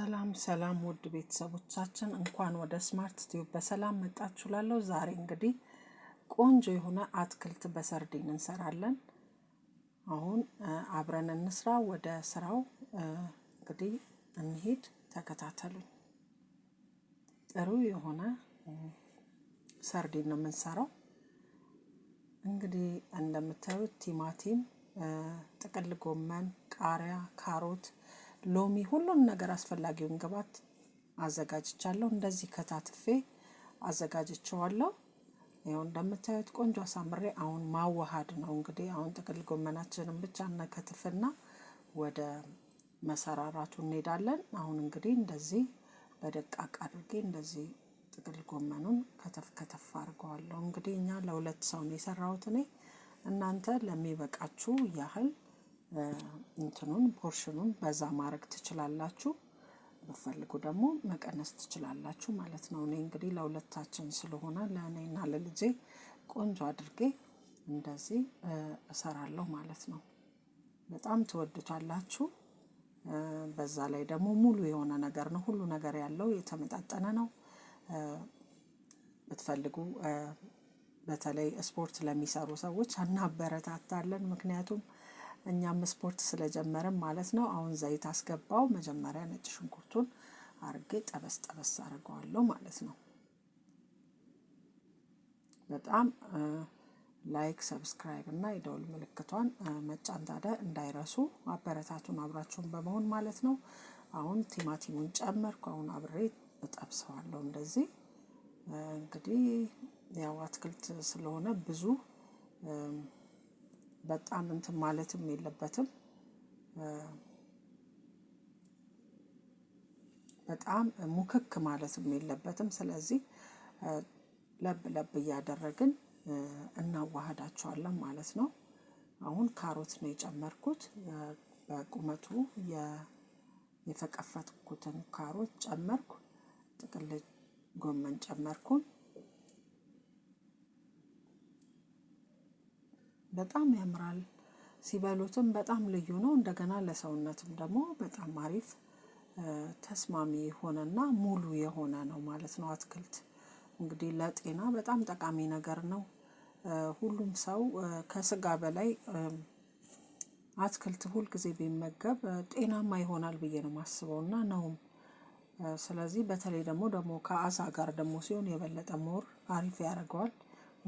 ሰላም ሰላም ውድ ቤተሰቦቻችን እንኳን ወደ ስማርት ቲዩብ በሰላም መጣችሁ። ላለው ዛሬ እንግዲህ ቆንጆ የሆነ አትክልት በሰርዲን እንሰራለን። አሁን አብረን እንስራ። ወደ ስራው እንግዲህ እንሄድ ተከታተሉኝ። ጥሩ የሆነ ሰርዲን ነው የምንሰራው። እንግዲህ እንደምታዩት ቲማቲም፣ ጥቅል ጎመን፣ ቃሪያ፣ ካሮት ሎሚ፣ ሁሉን ነገር አስፈላጊውን ግብዓት አዘጋጅቻለሁ። እንደዚህ ከታትፌ አዘጋጅቸዋለሁ። ይኸው እንደምታዩት ቆንጆ አሳምሬ አሁን ማዋሃድ ነው እንግዲህ። አሁን ጥቅል ጎመናችንን ብቻ እነከትፍና ወደ መሰራራቱ እንሄዳለን። አሁን እንግዲህ እንደዚህ በደቃቅ አድርጌ እንደዚህ ጥቅል ጎመኑን ከተፍ ከተፍ አድርገዋለሁ። እንግዲህ እኛ ለሁለት ሰው ነው የሰራሁት እኔ። እናንተ ለሚበቃችሁ ያህል እንትኑን ፖርሽኑን በዛ ማድረግ ትችላላችሁ። ብፈልጉ ደግሞ መቀነስ ትችላላችሁ ማለት ነው። እኔ እንግዲህ ለሁለታችን ስለሆነ ለእኔና ለልጄ ቆንጆ አድርጌ እንደዚህ እሰራለሁ ማለት ነው። በጣም ትወዱታላችሁ። በዛ ላይ ደግሞ ሙሉ የሆነ ነገር ነው። ሁሉ ነገር ያለው የተመጣጠነ ነው። ብትፈልጉ በተለይ ስፖርት ለሚሰሩ ሰዎች እናበረታታለን። ምክንያቱም እኛም ስፖርት ስለጀመረ ማለት ነው። አሁን ዘይት አስገባው። መጀመሪያ ነጭ ሽንኩርቱን አርጌ ጠበስ ጠበስ አድርገዋለሁ ማለት ነው። በጣም ላይክ፣ ሰብስክራይብ እና የደውል ምልክቷን መጫን ታዲያ እንዳይረሱ አበረታቱን አብራችሁን በመሆን ማለት ነው። አሁን ቲማቲሙን ጨመርኩ። አሁን አብሬ እጠብሰዋለሁ። እንደዚህ እንግዲህ ያው አትክልት ስለሆነ ብዙ በጣም እንትን ማለትም የለበትም። በጣም ሙክክ ማለትም የለበትም። ስለዚህ ለብ ለብ እያደረግን እናዋህዳቸዋለን ማለት ነው። አሁን ካሮት ነው የጨመርኩት። በቁመቱ የፈቀፈትኩትን ካሮት ጨመርኩ። ጥቅል ጎመን ጨመርኩን። በጣም ያምራል። ሲበሉትም በጣም ልዩ ነው። እንደገና ለሰውነትም ደግሞ በጣም አሪፍ ተስማሚ የሆነና ሙሉ የሆነ ነው ማለት ነው። አትክልት እንግዲህ ለጤና በጣም ጠቃሚ ነገር ነው። ሁሉም ሰው ከስጋ በላይ አትክልት ሁል ጊዜ ቢመገብ ጤናማ ይሆናል ብዬ ነው የማስበው እና ነውም። ስለዚህ በተለይ ደግሞ ደግሞ ከአሳ ጋር ደግሞ ሲሆን የበለጠ ሞር አሪፍ ያደርገዋል።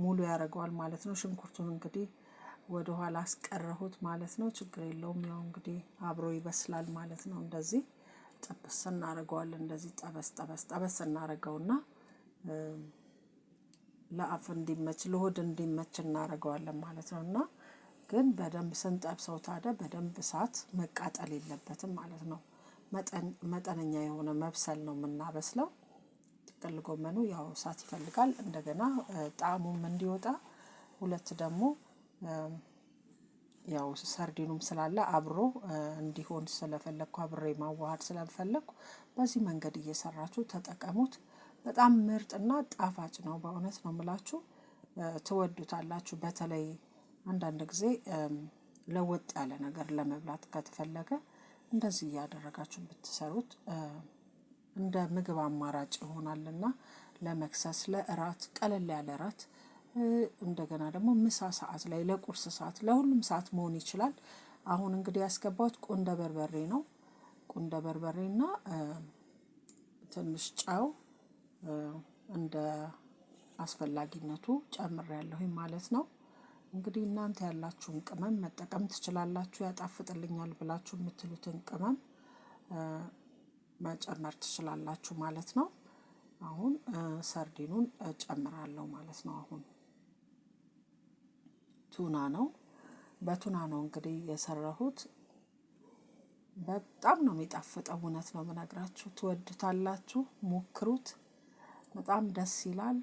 ሙሉ ያደርገዋል ማለት ነው። ሽንኩርቱን እንግዲህ ወደ ኋላ አስቀረሁት ማለት ነው። ችግር የለውም ያው እንግዲህ አብሮ ይበስላል ማለት ነው። እንደዚህ ጠበስ እናደርገዋለን። እንደዚህ ጠበስ ጠበስ ጠበስ እናደርገውና ለአፍ እንዲመች ለሆድ እንዲመች እናደርገዋለን ማለት ነው። እና ግን በደንብ ስንጠብሰው ታዲያ በደንብ እሳት መቃጠል የለበትም ማለት ነው። መጠነኛ የሆነ መብሰል ነው የምናበስለው። ጥቅል ጎመኑ ያው እሳት ይፈልጋል። እንደገና ጣዕሙም እንዲወጣ ሁለት ደግሞ ያው ሰርዲኑም ስላለ አብሮ እንዲሆን ስለፈለግኩ አብሬ ማዋሃድ ስለፈለግኩ በዚህ መንገድ እየሰራችሁ ተጠቀሙት። በጣም ምርጥና ጣፋጭ ነው። በእውነት ነው ምላችሁ ትወዱታላችሁ። በተለይ አንዳንድ ጊዜ ለወጥ ያለ ነገር ለመብላት ከተፈለገ እንደዚህ እያደረጋችሁ ብትሰሩት እንደ ምግብ አማራጭ ይሆናልና ለመክሰስ፣ ለእራት፣ ቀለል ያለ እራት እንደገና ደግሞ ምሳ ሰዓት ላይ ለቁርስ ሰዓት ለሁሉም ሰዓት መሆን ይችላል። አሁን እንግዲህ ያስገባሁት ቁንደ በርበሬ ነው። ቁንደ በርበሬና ትንሽ ጨው እንደ አስፈላጊነቱ ጨምሬያለሁኝ ማለት ነው። እንግዲህ እናንተ ያላችሁን ቅመም መጠቀም ትችላላችሁ። ያጣፍጥልኛል ብላችሁ የምትሉትን ቅመም መጨመር ትችላላችሁ ማለት ነው። አሁን ሰርዲኑን እጨምራለሁ ማለት ነው። አሁን ቱና ነው። በቱና ነው እንግዲህ የሰራሁት። በጣም ነው የሚጣፍጠው። እውነት ነው የምነግራችሁ። ትወዱታላችሁ፣ ሞክሩት። በጣም ደስ ይላል።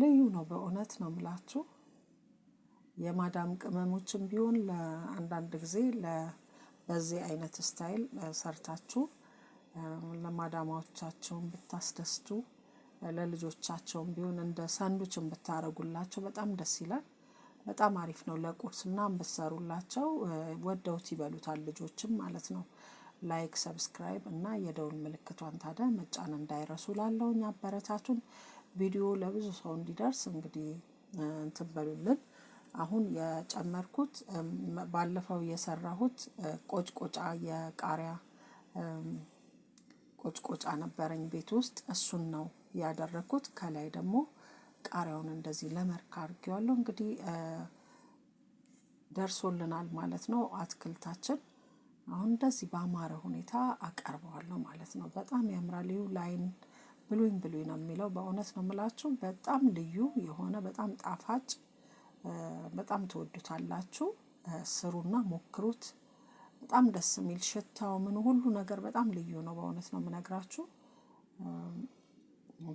ልዩ ነው። በእውነት ነው የምላችሁ። የማዳም ቅመሞችም ቢሆን ለአንዳንድ ጊዜ በዚህ አይነት ስታይል ሰርታችሁ ለማዳማዎቻቸውን ብታስደስቱ ለልጆቻቸውም ቢሆን እንደ ሳንዱችን ብታረጉላቸው በጣም ደስ ይላል። በጣም አሪፍ ነው። ለቁርስና ብትሰሩላቸው ወደውት ይበሉታል ልጆችም ማለት ነው። ላይክ ሰብስክራይብ እና የደውል ምልክቷን ታዲያ መጫን እንዳይረሱ። ላለውኝ አበረታቱን። ቪዲዮ ለብዙ ሰው እንዲደርስ እንግዲህ እንትን በሉልን። አሁን የጨመርኩት ባለፈው የሰራሁት ቆጭቆጫ የቃሪያ ቆጭቆጫ ነበረኝ ቤት ውስጥ እሱን ነው ያደረኩት። ከላይ ደግሞ ቃሪያውን እንደዚህ ለመርካ አድርጌዋለሁ። እንግዲህ ደርሶልናል ማለት ነው አትክልታችን። አሁን እንደዚህ በአማረ ሁኔታ አቀርበዋለሁ ማለት ነው። በጣም ያምራል። ይኸው ላይን ብሉኝ ብሉኝ ነው የሚለው። በእውነት ነው የምላችሁ፣ በጣም ልዩ የሆነ በጣም ጣፋጭ፣ በጣም ትወዱታላችሁ። ስሩና ሞክሩት። በጣም ደስ የሚል ሽታው ምን ሁሉ ነገር በጣም ልዩ ነው። በእውነት ነው የምነግራችሁ።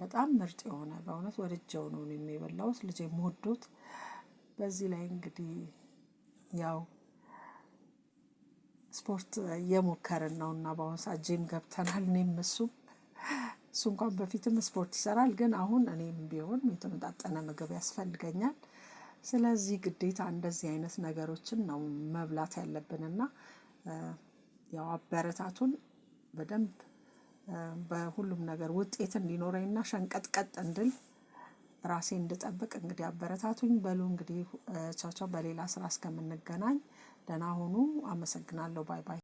በጣም ምርጥ የሆነ በእውነት ወድጀው ነው እኔም የበላሁት ልጄ የምወዱት። በዚህ ላይ እንግዲህ ያው ስፖርት እየሞከርን ነው እና በአሁኑ ሰዓት ጂም ገብተናል። እኔም እሱም እሱ እንኳን በፊትም ስፖርት ይሰራል፣ ግን አሁን እኔም ቢሆን የተመጣጠነ ምግብ ያስፈልገኛል። ስለዚህ ግዴታ እንደዚህ አይነት ነገሮችን ነው መብላት ያለብንና ያው አበረታቱን በደንብ በሁሉም ነገር ውጤት እንዲኖረኝና ሸንቀጥቀጥ እንድል ራሴ እንድጠብቅ እንግዲህ አበረታቱኝ። በሉ እንግዲህ ቻቻው፣ በሌላ ስራ እስከምንገናኝ ደህና ሁኑ። አመሰግናለሁ። ባይ ባይ።